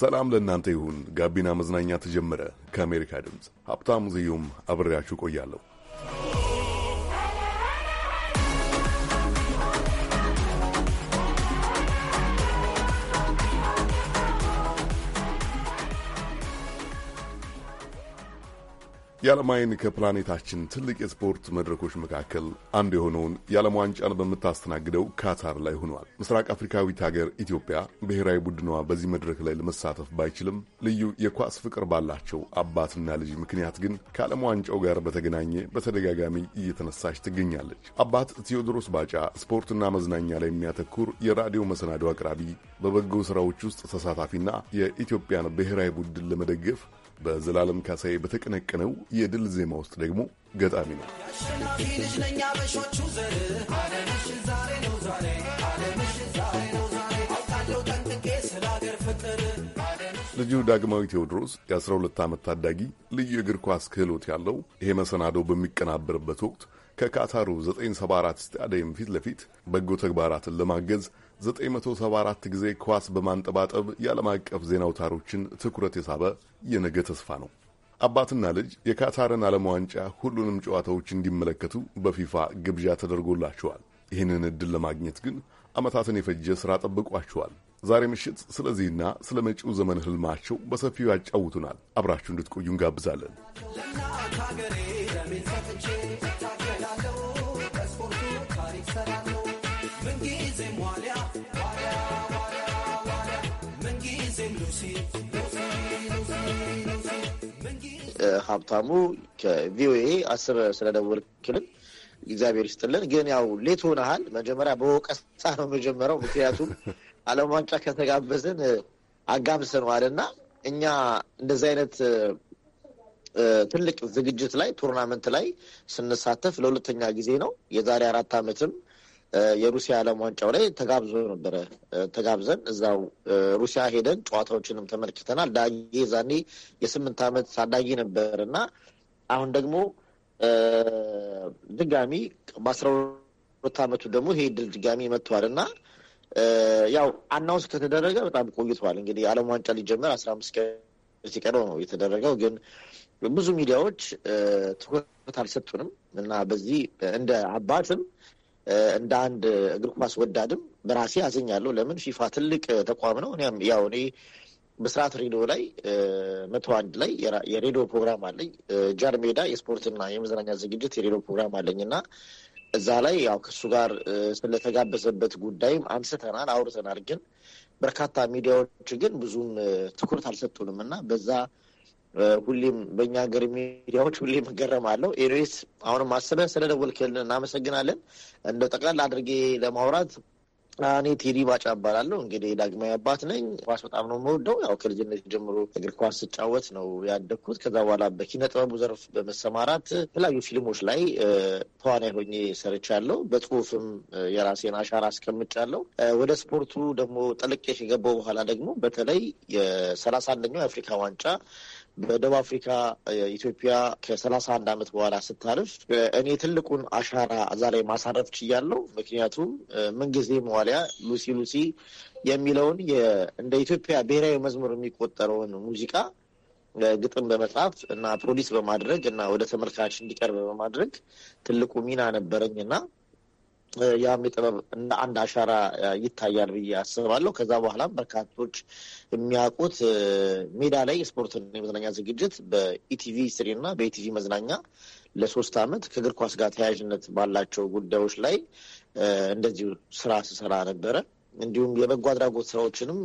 ሰላም ለእናንተ ይሁን። ጋቢና መዝናኛ ተጀመረ። ከአሜሪካ ድምፅ ሀብታሙ ዝዩም አብሬያችሁ ቆያለሁ። የዓለም አይን ከፕላኔታችን ትልቅ የስፖርት መድረኮች መካከል አንዱ የሆነውን የዓለም ዋንጫን በምታስተናግደው ካታር ላይ ሆኗል። ምስራቅ አፍሪካዊት ሀገር ኢትዮጵያ ብሔራዊ ቡድኗ በዚህ መድረክ ላይ ለመሳተፍ ባይችልም ልዩ የኳስ ፍቅር ባላቸው አባትና ልጅ ምክንያት ግን ከዓለም ዋንጫው ጋር በተገናኘ በተደጋጋሚ እየተነሳች ትገኛለች። አባት ቴዎድሮስ ባጫ ስፖርትና መዝናኛ ላይ የሚያተኩር የራዲዮ መሰናዶ አቅራቢ፣ በበጎ ስራዎች ውስጥ ተሳታፊና የኢትዮጵያን ብሔራዊ ቡድን ለመደገፍ በዘላለም ካሳይ በተቀነቀነው የድል ዜማ ውስጥ ደግሞ ገጣሚ ነው። ልጁ ዳግማዊ ቴዎድሮስ የ12 ዓመት ታዳጊ ልዩ የእግር ኳስ ክህሎት ያለው ይሄ መሰናዶ በሚቀናበርበት ወቅት ከካታሩ 974 ስታዲየም ፊት ለፊት በጎ ተግባራትን ለማገዝ 974 ጊዜ ኳስ በማንጠባጠብ የዓለም አቀፍ ዜና አውታሮችን ትኩረት የሳበ የነገ ተስፋ ነው። አባትና ልጅ የካታርን ዓለም ዋንጫ ሁሉንም ጨዋታዎች እንዲመለከቱ በፊፋ ግብዣ ተደርጎላቸዋል። ይህንን ዕድል ለማግኘት ግን ዓመታትን የፈጀ ሥራ ጠብቋቸዋል። ዛሬ ምሽት ስለዚህና ስለ መጪው ዘመን ህልማቸው በሰፊው ያጫውቱናል። አብራችሁ እንድትቆዩ እንጋብዛለን። ሀብታሙ ከቪኦኤ አስር ስለደወልክልን እግዚአብሔር ይስጥልን። ግን ያው ሌት ሆነሃል። መጀመሪያ በወቀሳ ነው የመጀመሪያው። ምክንያቱም ዓለም ዋንጫ ከተጋበዝን አጋምሰነዋል እና እኛ እንደዚህ አይነት ትልቅ ዝግጅት ላይ ቱርናመንት ላይ ስንሳተፍ ለሁለተኛ ጊዜ ነው። የዛሬ አራት ዓመትም የሩሲያ ዓለም ዋንጫው ላይ ተጋብዞ ነበረ። ተጋብዘን እዛው ሩሲያ ሄደን ጨዋታዎችንም ተመልክተናል። ዳጌ ዛኔ የስምንት ዓመት ታዳጊ ነበር እና አሁን ደግሞ ድጋሚ በአስራ ሁለት ዓመቱ ደግሞ ይሄ ድል ድጋሚ መጥተዋል እና ያው አናውንስ ከተደረገ በጣም ቆይተዋል። እንግዲህ የዓለም ዋንጫ ሊጀመር አስራ አምስት ቀን ሲቀረው ነው የተደረገው ግን ብዙ ሚዲያዎች ትኩረት አልሰጡንም እና በዚህ እንደ አባትም እንደ አንድ እግር ኳስ ወዳድም በራሴ አዝኛለሁ። ለምን ፊፋ ትልቅ ተቋም ነው። ያው እኔ ብስራት ሬዲዮ ላይ መቶ አንድ ላይ የሬዲዮ ፕሮግራም አለኝ። ጃር ሜዳ የስፖርትና የመዝናኛ ዝግጅት የሬዲዮ ፕሮግራም አለኝ እና እዛ ላይ ያው ከሱ ጋር ስለተጋበዘበት ጉዳይም አንስተናል፣ አውርተናል። ግን በርካታ ሚዲያዎች ግን ብዙም ትኩረት አልሰጡንም እና በዛ ሁሌም በእኛ ሀገር ሚዲያዎች ሁሌም እገረማለሁ። ኤኒዌይስ አሁንም አስበህ ስለደወልክልን እናመሰግናለን። እንደ ጠቅላላ አድርጌ ለማውራት እኔ ቴዲ ባጫ እባላለሁ። እንግዲህ ዳግማዊ አባት ነኝ። ኳስ በጣም ነው የምወደው። ያው ከልጅነት ጀምሮ እግር ኳስ ስጫወት ነው ያደግኩት። ከዛ በኋላ በኪነ ጥበቡ ዘርፍ በመሰማራት የተለያዩ ፊልሞች ላይ ተዋናይ ሆኜ ሰርቻለሁ። በጽሁፍም የራሴን አሻራ አስቀምጫለሁ። ወደ ስፖርቱ ደግሞ ጠልቄ ከገባው በኋላ ደግሞ በተለይ የሰላሳ አንደኛው የአፍሪካ ዋንጫ በደቡብ አፍሪካ ኢትዮጵያ ከሰላሳ አንድ ዓመት በኋላ ስታልፍ እኔ ትልቁን አሻራ እዛ ላይ ማሳረፍ ችያለሁ። ምክንያቱም ምንጊዜ መዋሊያ ሉሲ ሉሲ የሚለውን እንደ ኢትዮጵያ ብሔራዊ መዝሙር የሚቆጠረውን ሙዚቃ ግጥም በመጻፍ እና ፕሮዲስ በማድረግ እና ወደ ተመልካች እንዲቀርብ በማድረግ ትልቁ ሚና ነበረኝ እና ያም ጥበብ እንደ አንድ አሻራ ይታያል ብዬ አስባለሁ። ከዛ በኋላም በርካቶች የሚያውቁት ሜዳ ላይ የስፖርትን የመዝናኛ ዝግጅት በኢቲቪ ስሪ እና በኢቲቪ መዝናኛ ለሶስት ዓመት ከእግር ኳስ ጋር ተያያዥነት ባላቸው ጉዳዮች ላይ እንደዚሁ ስራ ስሰራ ነበረ። እንዲሁም የበጎ አድራጎት ስራዎችንም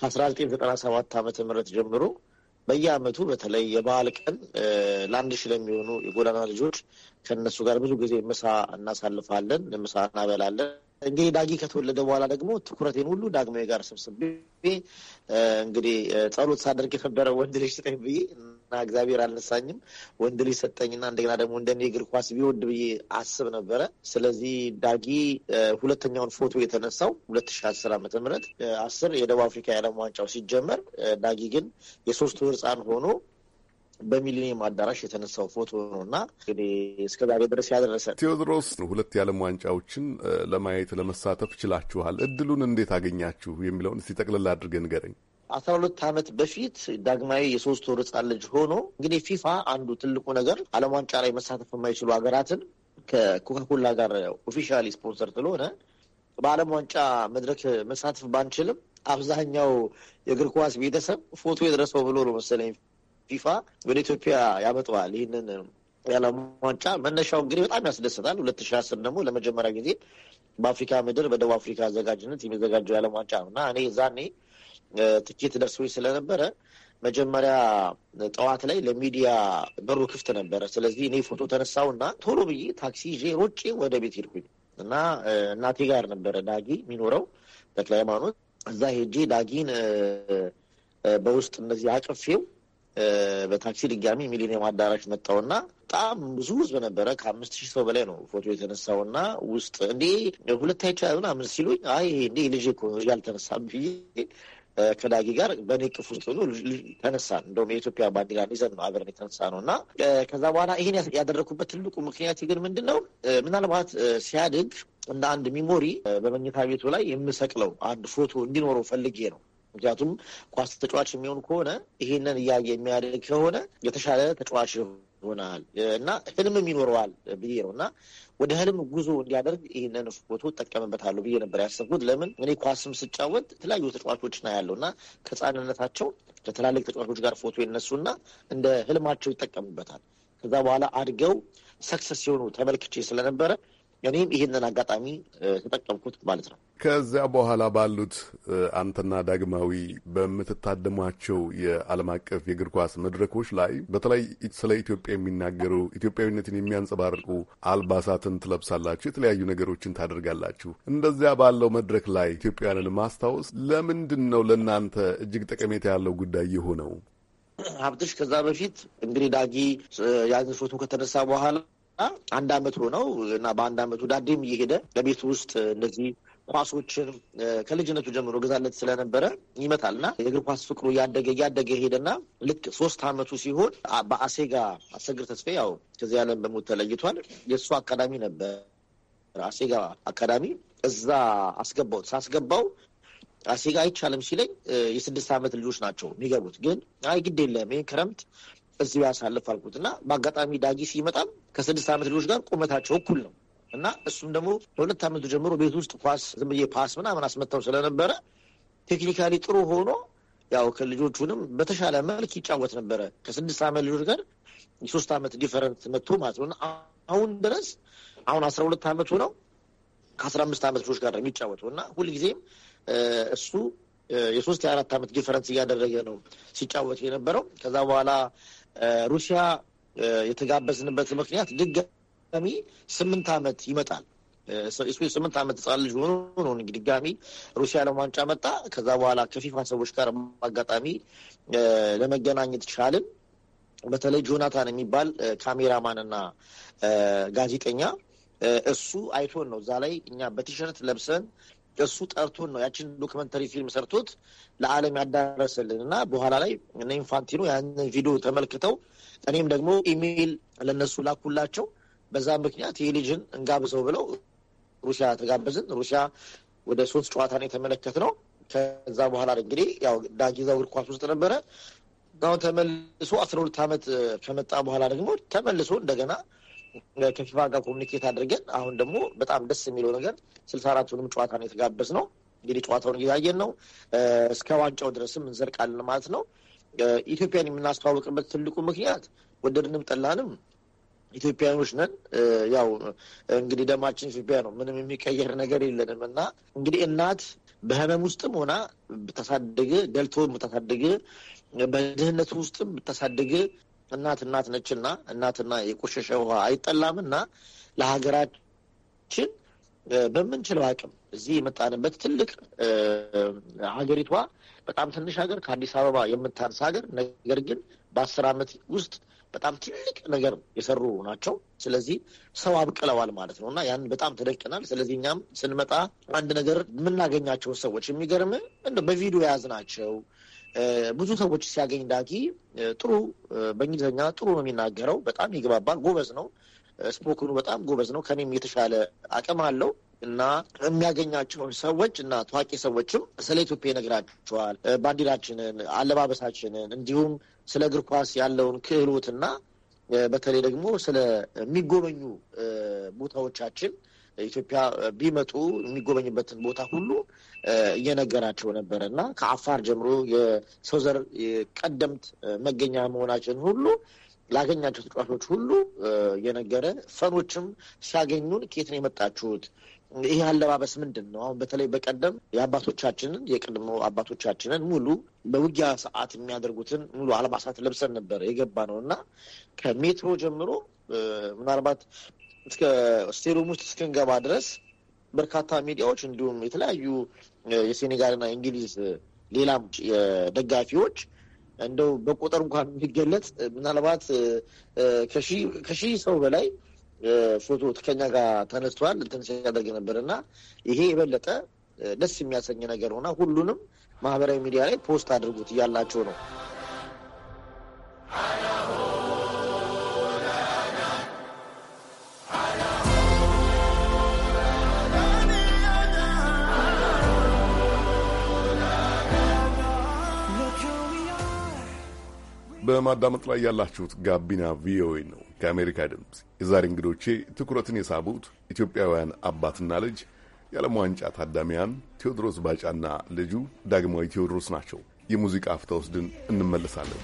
ከአስራ ዘጠኝ ዘጠና ሰባት ዓመተ ምህረት ጀምሮ በየአመቱ በተለይ የበዓል ቀን ለአንድ ሺህ ለሚሆኑ የጎዳና ልጆች ከነሱ ጋር ብዙ ጊዜ ምሳ እናሳልፋለን፣ ምሳ እናበላለን። እንግዲህ ዳጊ ከተወለደ በኋላ ደግሞ ትኩረቴን ሁሉ ዳግማዊ ጋር ሰብስቤ እንግዲህ ጸሎት ሳደርግ የነበረ ወንድ ልጅ ስጠኝ ብዬ እና እግዚአብሔር አልነሳኝም። ወንድ ልጅ ሰጠኝና እንደገና ደግሞ እንደኔ እግር ኳስ ቢወድ ብዬ አስብ ነበረ። ስለዚህ ዳጊ ሁለተኛውን ፎቶ የተነሳው ሁለት ሺ አስር ዓመተ ምህረት አስር የደቡብ አፍሪካ የዓለም ዋንጫው ሲጀመር ዳጊ ግን የሶስት ወር ህፃን ሆኖ በሚሊኒየም አዳራሽ የተነሳው ፎቶ ነው እና እንግዲህ እስከ ዛሬ ድረስ ያደረሰ ቴዎድሮስ፣ ሁለት የዓለም ዋንጫዎችን ለማየት ለመሳተፍ ችላችኋል። እድሉን እንዴት አገኛችሁ የሚለውን እስቲ ጠቅልላ አድርገን ንገረኝ። አስራ ሁለት ዓመት በፊት ዳግማዊ የሶስት ወር ህጻን ልጅ ሆኖ እንግዲህ ፊፋ አንዱ ትልቁ ነገር ዓለም ዋንጫ ላይ መሳተፍ የማይችሉ ሀገራትን ከኮካኮላ ጋር ኦፊሻሊ ስፖንሰር ስለሆነ በዓለም ዋንጫ መድረክ መሳተፍ ባንችልም አብዛኛው የእግር ኳስ ቤተሰብ ፎቶ የደረሰው ብሎ ነው መሰለኝ ፊፋ ወደ ኢትዮጵያ ያመጣዋል ይህንን የዓለም ዋንጫ መነሻው እንግዲህ በጣም ያስደስታል። ሁለት ሺህ አስር ደግሞ ለመጀመሪያ ጊዜ በአፍሪካ ምድር በደቡብ አፍሪካ አዘጋጅነት የሚዘጋጀው የዓለም ዋንጫ ነው እና እኔ ዛኔ ትኬት ደርሶኝ ስለነበረ መጀመሪያ ጠዋት ላይ ለሚዲያ በሩ ክፍት ነበረ። ስለዚህ እኔ ፎቶ ተነሳው እና ቶሎ ብዬ ታክሲ ይዤ ሮጬ ወደ ቤት ሄድኩኝ እና እናቴ ጋር ነበረ ዳጊ የሚኖረው ተክለ ሃይማኖት። እዛ ሄጄ ዳጊን በውስጥ እነዚህ አቅፌው በታክሲ ድጋሚ ሚሊኒየም አዳራሽ መጣውና በጣም ብዙ ህዝብ ነበረ። ከአምስት ሺህ ሰው በላይ ነው ፎቶ የተነሳው እና ውስጥ እንዴ ሁለት አይቻ ምናምን ሲሉኝ አይ እንዴ ልጅ እኮ ያልተነሳ ብዬ ከዳጊ ጋር በእኔ ቅፍ ውስጥ ሁሉ ተነሳን። እንደውም የኢትዮጵያ ባንዲራ ይዘን ነው አብረን የተነሳ ነው እና ከዛ በኋላ ይህን ያደረግኩበት ትልቁ ምክንያት ግን ምንድን ነው ምናልባት ሲያድግ እንደ አንድ ሚሞሪ በመኝታ ቤቱ ላይ የምሰቅለው አንድ ፎቶ እንዲኖረው ፈልጌ ነው። ምክንያቱም ኳስ ተጫዋች የሚሆን ከሆነ ይህንን እያየ የሚያደግ ከሆነ የተሻለ ተጫዋች ይሆናል እና ህልምም ይኖረዋል ብዬ ነው እና ወደ ህልም ጉዞ እንዲያደርግ ይህንን ፎቶ እጠቀምበታለሁ ብዬ ነበር ያሰብኩት። ለምን እኔ ኳስም ስጫወት የተለያዩ ተጫዋቾች ና ያለው እና ከህፃንነታቸው ከትላልቅ ተጫዋቾች ጋር ፎቶ ይነሱና እንደ ህልማቸው ይጠቀሙበታል። ከዛ በኋላ አድገው ሰክሰስ ሲሆኑ ተመልክቼ ስለነበረ እኔም ይህንን አጋጣሚ ተጠቀምኩት ማለት ነው። ከዚያ በኋላ ባሉት አንተና ዳግማዊ በምትታደሟቸው የዓለም አቀፍ የእግር ኳስ መድረኮች ላይ በተለይ ስለ ኢትዮጵያ የሚናገሩ ኢትዮጵያዊነትን የሚያንጸባርቁ አልባሳትን ትለብሳላችሁ፣ የተለያዩ ነገሮችን ታደርጋላችሁ። እንደዚያ ባለው መድረክ ላይ ኢትዮጵያውያንን ማስታወስ ለምንድን ነው ለእናንተ እጅግ ጠቀሜታ ያለው ጉዳይ የሆነው? ሀብትሽ ከዛ በፊት እንግዲህ ዳጊ ያን ፎቶ ከተነሳ በኋላ እና አንድ አመት ሆነው እና በአንድ አመቱ ዳዴም እየሄደ በቤት ውስጥ እንደዚህ ኳሶችን ከልጅነቱ ጀምሮ ግዛለት ስለነበረ ይመታል እና የእግር ኳስ ፍቅሩ እያደገ እያደገ ሄደና ልክ ሶስት አመቱ ሲሆን በአሴጋ አሰግር ተስፋ ያው ከዚህ ዓለም በሞት ተለይቷል። የእሱ አካዳሚ ነበር አሴጋ አካዳሚ። እዛ አስገባውት ሳስገባው አሴጋ አይቻልም ሲለኝ የስድስት አመት ልጆች ናቸው የሚገቡት። ግን አይ ግድ የለም ክረምት እዚሁ ያሳልፍ አልኩት እና በአጋጣሚ ዳጊ ሲመጣም ከስድስት ዓመት ልጆች ጋር ቁመታቸው እኩል ነው እና እሱም ደግሞ በሁለት ዓመቱ ጀምሮ ቤት ውስጥ ኳስ ዝም ብዬ ፓስ ምናምን አስመታው ስለነበረ ቴክኒካሊ ጥሩ ሆኖ ያው ከልጆቹንም በተሻለ መልክ ይጫወት ነበረ። ከስድስት ዓመት ልጆች ጋር የሶስት ዓመት ዲፈረንት መጥቶ ማለት ነው። አሁን ድረስ አሁን አስራ ሁለት ዓመቱ ነው ከአስራ አምስት ዓመት ልጆች ጋር የሚጫወተው እና ሁልጊዜም እሱ የሶስት የአራት ዓመት ዲፈረንስ እያደረገ ነው ሲጫወት የነበረው። ከዛ በኋላ ሩሲያ የተጋበዝንበት ምክንያት ድጋሚ ስምንት ዓመት ይመጣል። ስምንት ዓመት ህጻን ልጅ ሆኖ ነው እንግዲህ ድጋሚ ሩሲያ ለዋንጫ መጣ። ከዛ በኋላ ከፊፋ ሰዎች ጋር አጋጣሚ ለመገናኘት ቻልን። በተለይ ጆናታን የሚባል ካሜራማን እና ጋዜጠኛ እሱ አይቶን ነው እዛ ላይ እኛ በቲሸርት ለብሰን እሱ ጠርቶን ነው ያችን ዶክመንተሪ ፊልም ሰርቶት ለዓለም ያዳረሰልን እና በኋላ ላይ እነ ኢንፋንቲኖ ያንን ቪዲዮ ተመልክተው እኔም ደግሞ ኢሜይል ለነሱ ላኩላቸው። በዛ ምክንያት ይህ ልጅን እንጋብዘው ብለው ሩሲያ ተጋበዝን። ሩሲያ ወደ ሶስት ጨዋታ ነው የተመለከትነው። ከዛ በኋላ እንግዲህ ያው ዳጊዛ እግር ኳስ ውስጥ ነበረ። አሁን ተመልሶ አስራ ሁለት ዓመት ከመጣ በኋላ ደግሞ ተመልሶ እንደገና ከፊፋ ጋር ኮሚኒኬት አድርገን አሁን ደግሞ በጣም ደስ የሚለው ነገር ስልሳ አራቱንም ጨዋታ ነው የተጋበዝ ነው። እንግዲህ ጨዋታውን እየታየን ነው። እስከ ዋንጫው ድረስም እንዘርቃለን ማለት ነው። ኢትዮጵያን የምናስተዋውቅበት ትልቁ ምክንያት ወደድንም ጠላንም ኢትዮጵያኖች ነን። ያው እንግዲህ ደማችን ኢትዮጵያ ነው። ምንም የሚቀየር ነገር የለንም እና እንግዲህ እናት በህመም ውስጥም ሆና ብታሳደገ ደልቶ ብታሳደገ በድህነቱ ውስጥም ብታሳደገ እናት እናት ነችና እናትና የቆሸሸ ውሃ አይጠላምና ለሀገራችን በምንችለው አቅም እዚህ የመጣንበት ትልቅ ሀገሪቷ በጣም ትንሽ ሀገር ከአዲስ አበባ የምታንስ ሀገር ነገር ግን በአስር ዓመት ውስጥ በጣም ትልቅ ነገር የሰሩ ናቸው። ስለዚህ ሰው አብቅለዋል ማለት ነው እና ያን በጣም ተደቅናል። ስለዚህ እኛም ስንመጣ አንድ ነገር የምናገኛቸው ሰዎች የሚገርም እንደ በቪዲዮ ናቸው። ብዙ ሰዎች ሲያገኝ ዳጊ ጥሩ በእንግሊዝኛ ጥሩ ነው የሚናገረው። በጣም ይግባባል። ጎበዝ ነው። ስፖክኑ በጣም ጎበዝ ነው። ከኔም የተሻለ አቅም አለው እና የሚያገኛቸውን ሰዎች እና ታዋቂ ሰዎችም ስለ ኢትዮጵያ ይነግራቸዋል። ባንዲራችንን፣ አለባበሳችንን እንዲሁም ስለ እግር ኳስ ያለውን ክህሎትና በተለይ ደግሞ ስለሚጎበኙ ቦታዎቻችን ኢትዮጵያ ቢመጡ የሚጎበኝበትን ቦታ ሁሉ እየነገራቸው ነበረ እና ከአፋር ጀምሮ የሰው ዘር ቀደምት መገኛ መሆናችን ሁሉ ላገኛቸው ተጫዋቾች ሁሉ እየነገረ ፈኖችም ሲያገኙን ኬትን የመጣችሁት? ይህ አለባበስ ምንድን ነው? አሁን በተለይ በቀደም የአባቶቻችንን የቀድሞ አባቶቻችንን ሙሉ በውጊያ ሰዓት የሚያደርጉትን ሙሉ አልባሳት ለብሰን ነበር የገባ ነው እና ከሜትሮ ጀምሮ ምናልባት እስከ ስቴዲየም ውስጥ እስክንገባ ድረስ በርካታ ሚዲያዎች እንዲሁም የተለያዩ የሴኔጋልና እንግሊዝ ሌላም ደጋፊዎች እንደው በቁጥር እንኳን የሚገለጽ ምናልባት ከሺህ ሰው በላይ ፎቶ ከኛ ጋር ተነስተዋል እንትን ሲያደርግ ነበር እና ይሄ የበለጠ ደስ የሚያሰኝ ነገር ሆና ሁሉንም ማህበራዊ ሚዲያ ላይ ፖስት አድርጉት እያላቸው ነው። በማዳመጥ ላይ ያላችሁት ጋቢና ቪኦኤ ነው ከአሜሪካ ድምፅ። የዛሬ እንግዶቼ ትኩረትን የሳቡት ኢትዮጵያውያን አባትና ልጅ የዓለም ዋንጫ ታዳሚያን ቴዎድሮስ ባጫና ልጁ ዳግማዊ ቴዎድሮስ ናቸው። የሙዚቃ አፍታ ወስድን እንመለሳለን።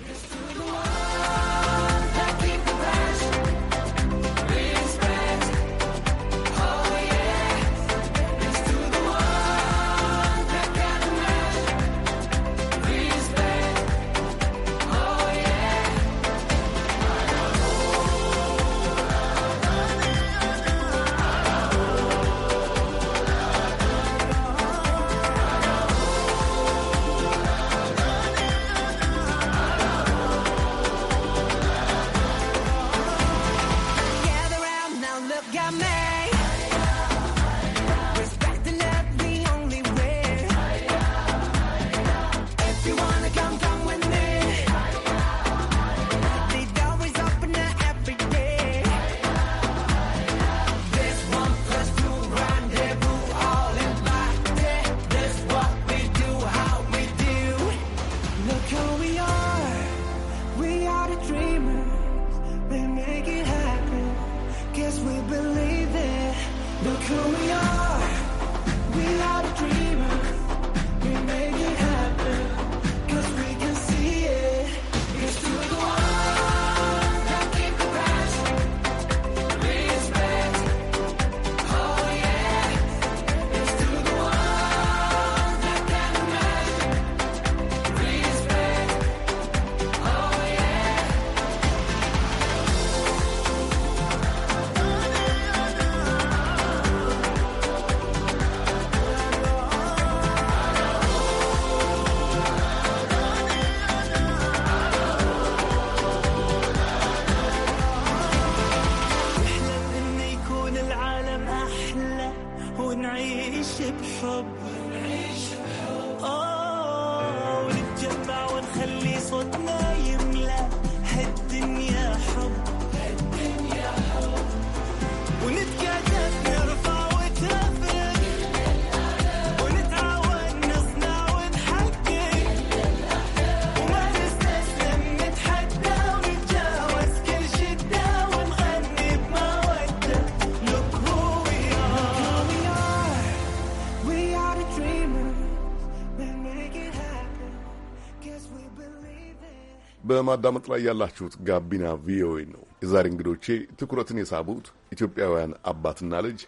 በማዳመጥ ላይ ያላችሁት ጋቢና ቪኦኤ ነው። የዛሬ እንግዶቼ ትኩረትን የሳቡት ኢትዮጵያውያን አባትና ልጅ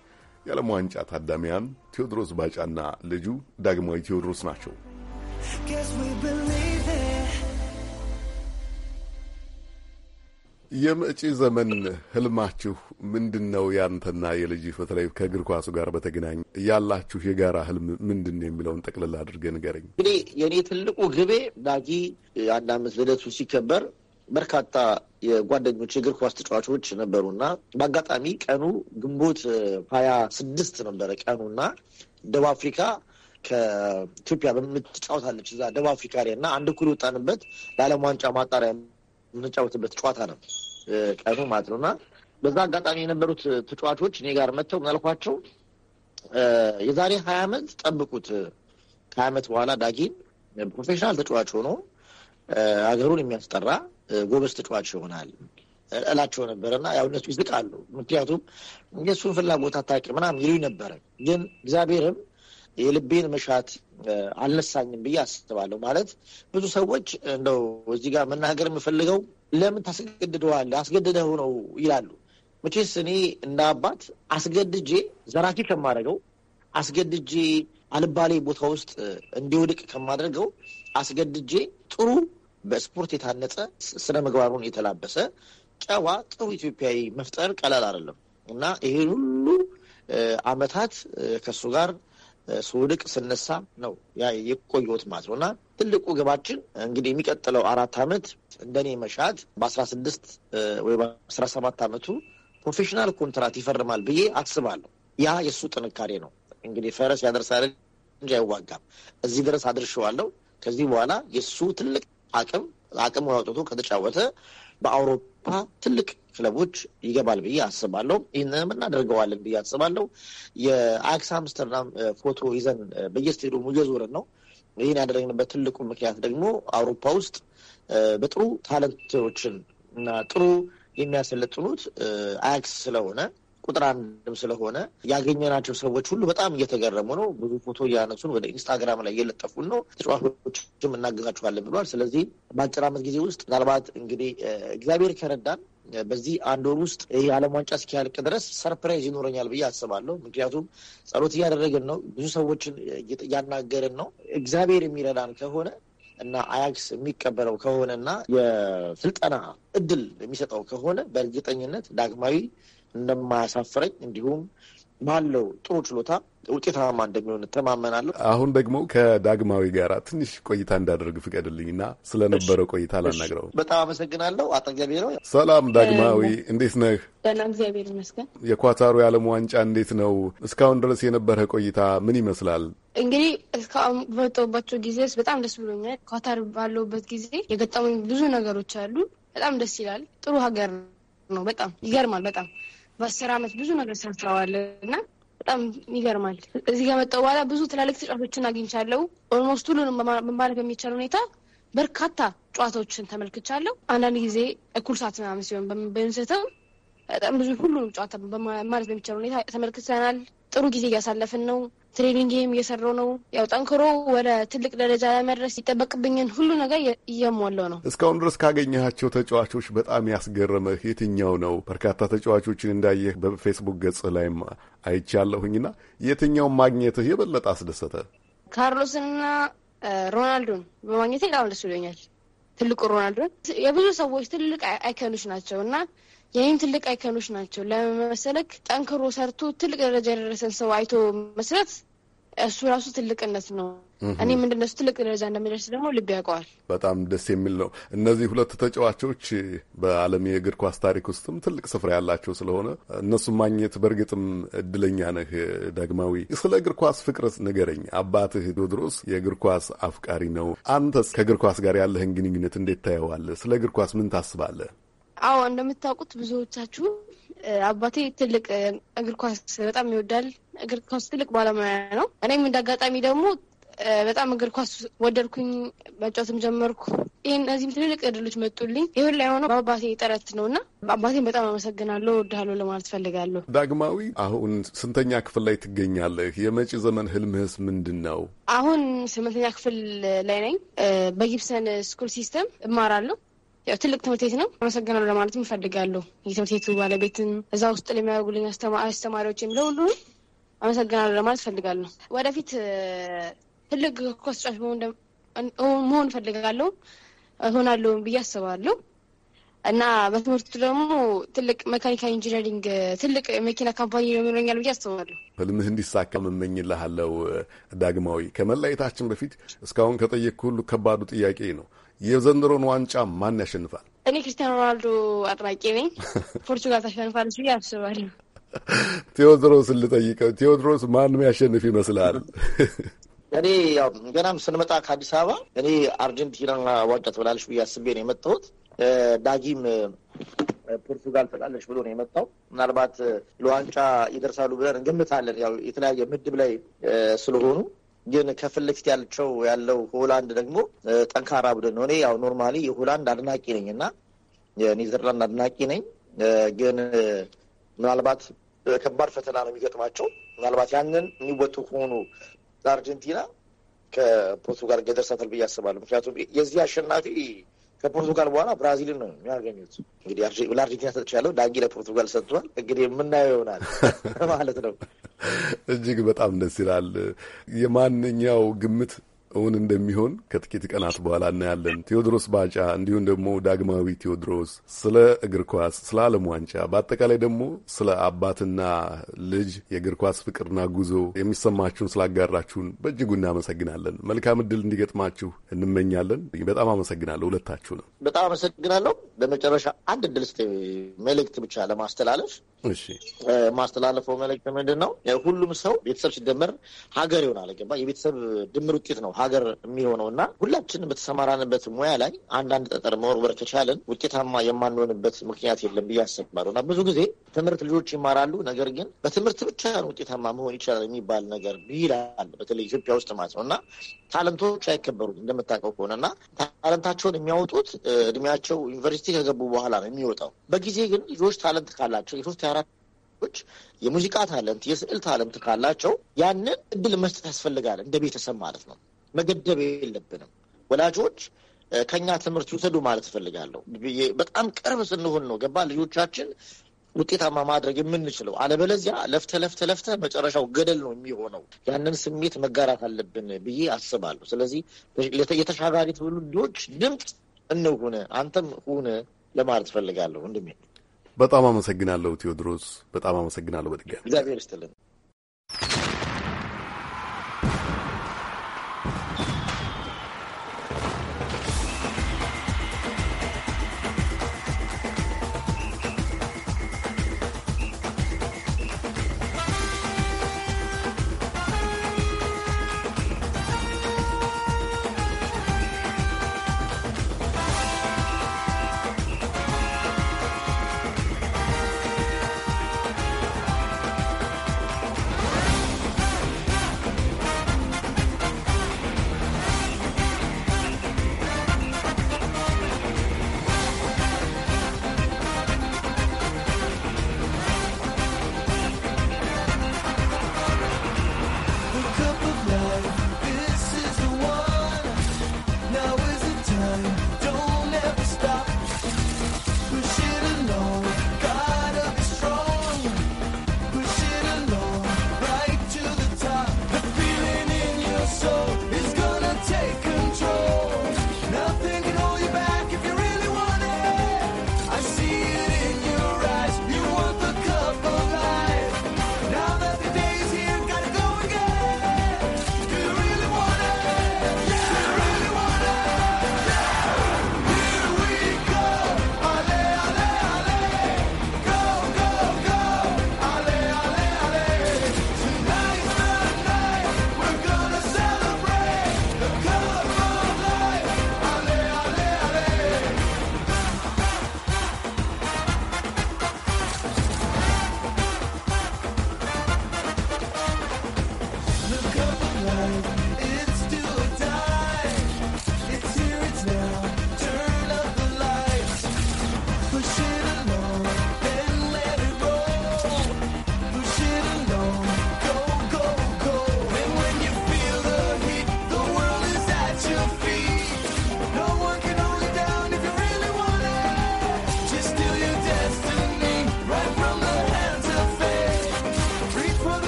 የዓለም ዋንጫ ታዳሚያን ቴዎድሮስ ባጫና ልጁ ዳግማዊ ቴዎድሮስ ናቸው። የመጪ ዘመን ህልማችሁ ምንድን ነው ያንተና የልጅ በተለይ ከእግር ኳሱ ጋር በተገናኘ ያላችሁ የጋራ ህልም ምንድን ነው የሚለውን ጠቅልላ አድርገህ ንገረኝ። እንግዲህ የእኔ ትልቁ ግቤ ዳጊ አንድ ዓመት ልደቱ ሲከበር በርካታ የጓደኞች የእግር ኳስ ተጫዋቾች ነበሩ እና በአጋጣሚ ቀኑ ግንቦት ሀያ ስድስት ነበረ ቀኑ እና ደቡብ አፍሪካ ከኢትዮጵያ በምትጫወታለች እዛ ደቡብ አፍሪካ ላይ እና አንድ እኩል የወጣንበት ለዓለም ዋንጫ ማጣሪያ የምንጫወትበት ጨዋታ ነው ቀኑ ማለት ነው እና በዛ አጋጣሚ የነበሩት ተጫዋቾች እኔ ጋር መጥተው ምናልኳቸው የዛሬ ሀያ ዓመት ጠብቁት ከሀያ ዓመት በኋላ ዳጊን ፕሮፌሽናል ተጫዋች ሆኖ ሀገሩን የሚያስጠራ ጎበዝ ተጫዋች ይሆናል እላቸው ነበረ እና ያው እነሱ ይዝቃሉ። ምክንያቱም የእሱን ፍላጎት አታውቂ ምናምን ይሉኝ ነበረ። ግን እግዚአብሔርም የልቤን መሻት አልነሳኝም ብዬ አስባለሁ። ማለት ብዙ ሰዎች እንደው እዚህ ጋር መናገር የምፈልገው ለምን ታስገድደዋለህ አስገድደው ነው ይላሉ። መቼስ እኔ እንደ አባት አስገድጄ ዘራፊ ከማደርገው አስገድጄ አልባሌ ቦታ ውስጥ እንዲወድቅ ከማደርገው አስገድጄ ጥሩ በስፖርት የታነጸ ስነ ምግባሩን የተላበሰ ጨዋ ጥሩ ኢትዮጵያዊ መፍጠር ቀላል አይደለም እና ይሄን ሁሉ አመታት ከእሱ ጋር ስውድቅ ስነሳ ነው የቆየሁት ማለት ነው እና ትልቁ ግባችን እንግዲህ የሚቀጥለው አራት አመት እንደኔ መሻት በአስራ ስድስት ወይ በአስራ ሰባት አመቱ ፕሮፌሽናል ኮንትራት ይፈርማል ብዬ አስባለሁ። ያ የእሱ ጥንካሬ ነው። እንግዲህ ፈረስ ያደርሳል እንጂ አይዋጋም። እዚህ ድረስ አድርሸዋለሁ። ከዚህ በኋላ የእሱ ትልቅ አቅም አቅም አውጥቶ ከተጫወተ በአውሮፓ ትልቅ ክለቦች ይገባል ብዬ አስባለሁ። ይህንንም እናደርገዋለን ብዬ አስባለሁ። የአክስ አምስተርዳም ፎቶ ይዘን በየስቴዲየሙ እየዞርን ነው። ይህን ያደረግንበት ትልቁ ምክንያት ደግሞ አውሮፓ ውስጥ በጥሩ ታለንቶችን እና ጥሩ የሚያሰለጥኑት አያክስ ስለሆነ ቁጥር አንድም ስለሆነ ያገኘናቸው ሰዎች ሁሉ በጣም እየተገረሙ ነው። ብዙ ፎቶ እያነሱን ወደ ኢንስታግራም ላይ እየለጠፉን ነው። ተጫዋቾችም እናግዛችኋለን ብሏል። ስለዚህ በአጭር ዓመት ጊዜ ውስጥ ምናልባት እንግዲህ እግዚአብሔር ከረዳን በዚህ አንድ ወር ውስጥ ይህ ዓለም ዋንጫ እስኪያልቅ ድረስ ሰርፕራይዝ ይኖረኛል ብዬ አስባለሁ። ምክንያቱም ጸሎት እያደረግን ነው፣ ብዙ ሰዎችን እያናገርን ነው። እግዚአብሔር የሚረዳን ከሆነ እና አያክስ የሚቀበለው ከሆነና የስልጠና እድል የሚሰጠው ከሆነ በእርግጠኝነት ዳግማዊ እንደማያሳፍረኝ እንዲሁም ባለው ጥሩ ችሎታ ውጤታማ እንደሚሆን እተማመናለሁ። አሁን ደግሞ ከዳግማዊ ጋር ትንሽ ቆይታ እንዳደርግ ፍቀድልኝና ስለነበረው ቆይታ ላናግረው። በጣም አመሰግናለሁ። አጠገቤ ነው። ሰላም ዳግማዊ፣ እንዴት ነህ? ደህና እግዚአብሔር ይመስገን። የኳታሩ የዓለም ዋንጫ እንዴት ነው? እስካሁን ድረስ የነበረ ቆይታ ምን ይመስላል? እንግዲህ እስካሁን በወጣሁባቸው ጊዜ በጣም ደስ ብሎኛል። ኳታር ባለሁበት ጊዜ የገጠሙኝ ብዙ ነገሮች አሉ። በጣም ደስ ይላል። ጥሩ ሀገር ነው። በጣም ይገርማል። በጣም በአስር አመት ብዙ ነገር ሰርተዋል እና በጣም ይገርማል። እዚህ ከመጣሁ በኋላ ብዙ ትላልቅ ተጫዋቾችን አግኝቻለሁ። ኦልሞስት ሁሉንም ማለት በሚቻል ሁኔታ በርካታ ጨዋታዎችን ተመልክቻለሁ። አንዳንድ ጊዜ እኩል ሰዓት ምናምን ሲሆን በሚሰተው በጣም ብዙ ሁሉንም ጨዋታ ማለት በሚቻል ሁኔታ ተመልክተናል። ጥሩ ጊዜ እያሳለፍን ነው። ትሬኒንግም እየሰራው ነው። ያው ጠንክሮ ወደ ትልቅ ደረጃ ለመድረስ ይጠበቅብኝን ሁሉ ነገር እየሟለው ነው። እስካሁን ድረስ ካገኘሃቸው ተጫዋቾች በጣም ያስገረመህ የትኛው ነው? በርካታ ተጫዋቾችን እንዳየህ በፌስቡክ ገጽ ላይም አይቻለሁኝና የትኛው ማግኘትህ የበለጠ አስደሰተ? ካርሎስንና ሮናልዶን በማግኘት በጣም ደስ ብሎኛል። ትልቁ ሮናልዶን የብዙ ሰዎች ትልቅ አይከኖች ናቸው እና ይህን ትልቅ አይከኖች ናቸው። ለመመሰለክ ጠንክሮ ሰርቶ ትልቅ ደረጃ የደረሰን ሰው አይቶ መስረት እሱ ራሱ ትልቅነት ነው። እኔ ምንድነሱ ትልቅ ደረጃ እንደሚደርስ ደግሞ ልብ ያውቀዋል። በጣም ደስ የሚል ነው። እነዚህ ሁለት ተጫዋቾች በዓለም የእግር ኳስ ታሪክ ውስጥም ትልቅ ስፍራ ያላቸው ስለሆነ እነሱን ማግኘት በእርግጥም እድለኛ ነህ። ዳግማዊ፣ ስለ እግር ኳስ ፍቅር ንገረኝ። አባትህ ቴዎድሮስ የእግር ኳስ አፍቃሪ ነው። አንተስ ከእግር ኳስ ጋር ያለህን ግንኙነት እንዴት ታየዋለህ? ስለ እግር ኳስ ምን ታስባለህ? አዎ እንደምታውቁት ብዙዎቻችሁ አባቴ ትልቅ እግር ኳስ በጣም ይወዳል። እግር ኳስ ትልቅ ባለሙያ ነው። እኔም እንደ አጋጣሚ ደግሞ በጣም እግር ኳስ ወደድኩኝ፣ መጫወትም ጀመርኩ። ይህን እነዚህም ትልልቅ እድሎች መጡልኝ። ይሁን ላይ ሆነው በአባቴ ጥረት ነው እና አባቴን በጣም አመሰግናለሁ፣ እወድሃለሁ ለማለት ፈልጋለሁ። ዳግማዊ፣ አሁን ስንተኛ ክፍል ላይ ትገኛለህ? የመጪ ዘመን ህልምህስ ምንድን ነው? አሁን ስምንተኛ ክፍል ላይ ነኝ። በጊብሰን ስኩል ሲስተም እማራለሁ። ያው ትልቅ ትምህርት ቤት ነው። አመሰግናለሁ ለማለትም እፈልጋለሁ የትምህርት ቤቱ ባለቤትም እዛ ውስጥ ለሚያደርጉልኝ አስተማሪዎች የሚለው ሁሉ አመሰግናለሁ ለማለት እፈልጋለሁ። ወደፊት ትልቅ ኮስጫች መሆን እፈልጋለሁ እሆናለሁ ብዬ አስባለሁ። እና በትምህርቱ ደግሞ ትልቅ መካኒካል ኢንጂነሪንግ ትልቅ መኪና ካምፓኒ ነው የሚኖረኛል ብዬ አስባለሁ። ህልምህ እንዲሳካ መመኝልሃለው። ዳግማዊ፣ ከመለየታችን በፊት እስካሁን ከጠየቅኩ ሁሉ ከባዱ ጥያቄ ነው። የዘንድሮን ዋንጫ ማን ያሸንፋል? እኔ ክርስቲያኖ ሮናልዶ አድናቂ ነኝ። ፖርቱጋል ታሸንፋለች ብዬ አስባለሁ። ቴዎድሮስ ልጠይቀው። ቴዎድሮስ ማንም ያሸንፍ ይመስልሃል? እኔ ገናም ስንመጣ ከአዲስ አበባ እኔ አርጀንቲና ዋንጫ ትበላለች ብዬ አስቤ ነው የመጣሁት ዳጊም ፖርቱጋል ትላለች ብሎ ነው የመጣው። ምናልባት ለዋንጫ ይደርሳሉ ብለን እንገምታለን። ያው የተለያየ ምድብ ላይ ስለሆኑ ግን ከፊት ለፊት ያልቸው ያለው ሆላንድ ደግሞ ጠንካራ ቡድን ነው። እኔ ያው ኖርማሊ የሆላንድ አድናቂ ነኝ እና የኔዘርላንድ አድናቂ ነኝ። ግን ምናልባት ከባድ ፈተና ነው የሚገጥማቸው። ምናልባት ያንን የሚወጡ ከሆኑ አርጀንቲና ከፖርቱጋል ገደርሳታል ብዬ አስባለሁ። ምክንያቱም የዚህ አሸናፊ ከፖርቱጋል በኋላ ብራዚልን ነው የሚያገኙት። እንግዲህ ለአርጀንቲና ሰጥቻለሁ፣ ዳጊ ለፖርቱጋል ሰጥቷል። እንግዲህ የምናየው ይሆናል ማለት ነው። እጅግ በጣም ደስ ይላል። የማንኛው ግምት እውን እንደሚሆን ከጥቂት ቀናት በኋላ እናያለን። ቴዎድሮስ ባጫ እንዲሁም ደግሞ ዳግማዊ ቴዎድሮስ ስለ እግር ኳስ፣ ስለ ዓለም ዋንጫ፣ በአጠቃላይ ደግሞ ስለ አባትና ልጅ የእግር ኳስ ፍቅርና ጉዞ የሚሰማችሁን ስላጋራችሁን በእጅጉ እናመሰግናለን። መልካም እድል እንዲገጥማችሁ እንመኛለን። በጣም አመሰግናለሁ። ሁለታችሁ ነው። በጣም አመሰግናለሁ። በመጨረሻ አንድ እድል ስ መልእክት ብቻ ለማስተላለፍ ማስተላለፈው መልእክት ምንድን ነው? ሁሉም ሰው ቤተሰብ ሲደመር ሀገር ይሆናል። ገባ የቤተሰብ ድምር ውጤት ነው ሀገር የሚሆነው እና ሁላችንም በተሰማራንበት ሙያ ላይ አንዳንድ ጠጠር መወርወር ከቻለን ውጤታማ የማንሆንበት ምክንያት የለም ብዬ አስባለሁ እና ብዙ ጊዜ ትምህርት ልጆች ይማራሉ፣ ነገር ግን በትምህርት ብቻ ውጤታማ መሆን ይቻላል የሚባል ነገር ይላል፣ በተለይ ኢትዮጵያ ውስጥ ማለት ነው እና ታለንቶች አይከበሩም እንደምታውቀው ከሆነ እና ታለንታቸውን የሚያወጡት እድሜያቸው ዩኒቨርሲቲ ከገቡ በኋላ ነው የሚወጣው። በጊዜ ግን ልጆች ታለንት ካላቸው የሶስት የአራት ሰዎች የሙዚቃ ታለንት፣ የስዕል ታለንት ካላቸው ያንን እድል መስጠት ያስፈልጋል እንደ ቤተሰብ ማለት ነው። መገደብ የለብንም። ወላጆች ከኛ ትምህርት ይውሰዱ ማለት እፈልጋለሁ። በጣም ቅርብ ስንሆን ነው ገባ ልጆቻችን ውጤታማ ማድረግ የምንችለው። አለበለዚያ ለፍተ ለፍተ ለፍተ መጨረሻው ገደል ነው የሚሆነው። ያንን ስሜት መጋራት አለብን ብዬ አስባለሁ። ስለዚህ የተሻጋሪ ትውልዶች ድምፅ እንሁን፣ አንተም ሁን ለማለት እፈልጋለሁ ወንድሜ። በጣም አመሰግናለሁ ቴዎድሮስ፣ በጣም አመሰግናለሁ በድጋሚ እግዚአብሔር ይስጥልን።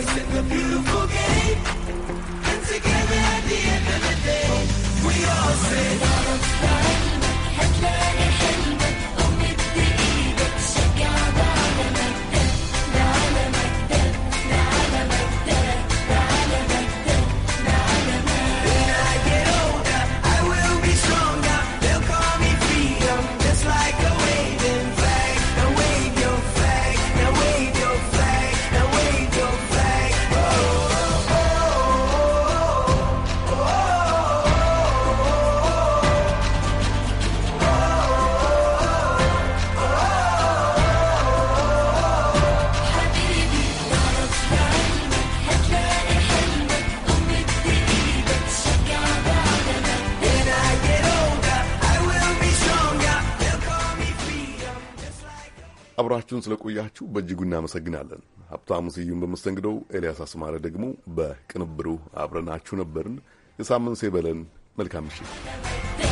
It's a beautiful game. And together at the end of the day, we all say, አብራችሁን ስለቆያችሁ በእጅጉ እናመሰግናለን። ሀብታሙ ስዩም በመስተንግዶው፣ ኤልያስ አስማረ ደግሞ በቅንብሩ አብረናችሁ ነበርን። የሳምንት ሴ በለን መልካም ምሽት።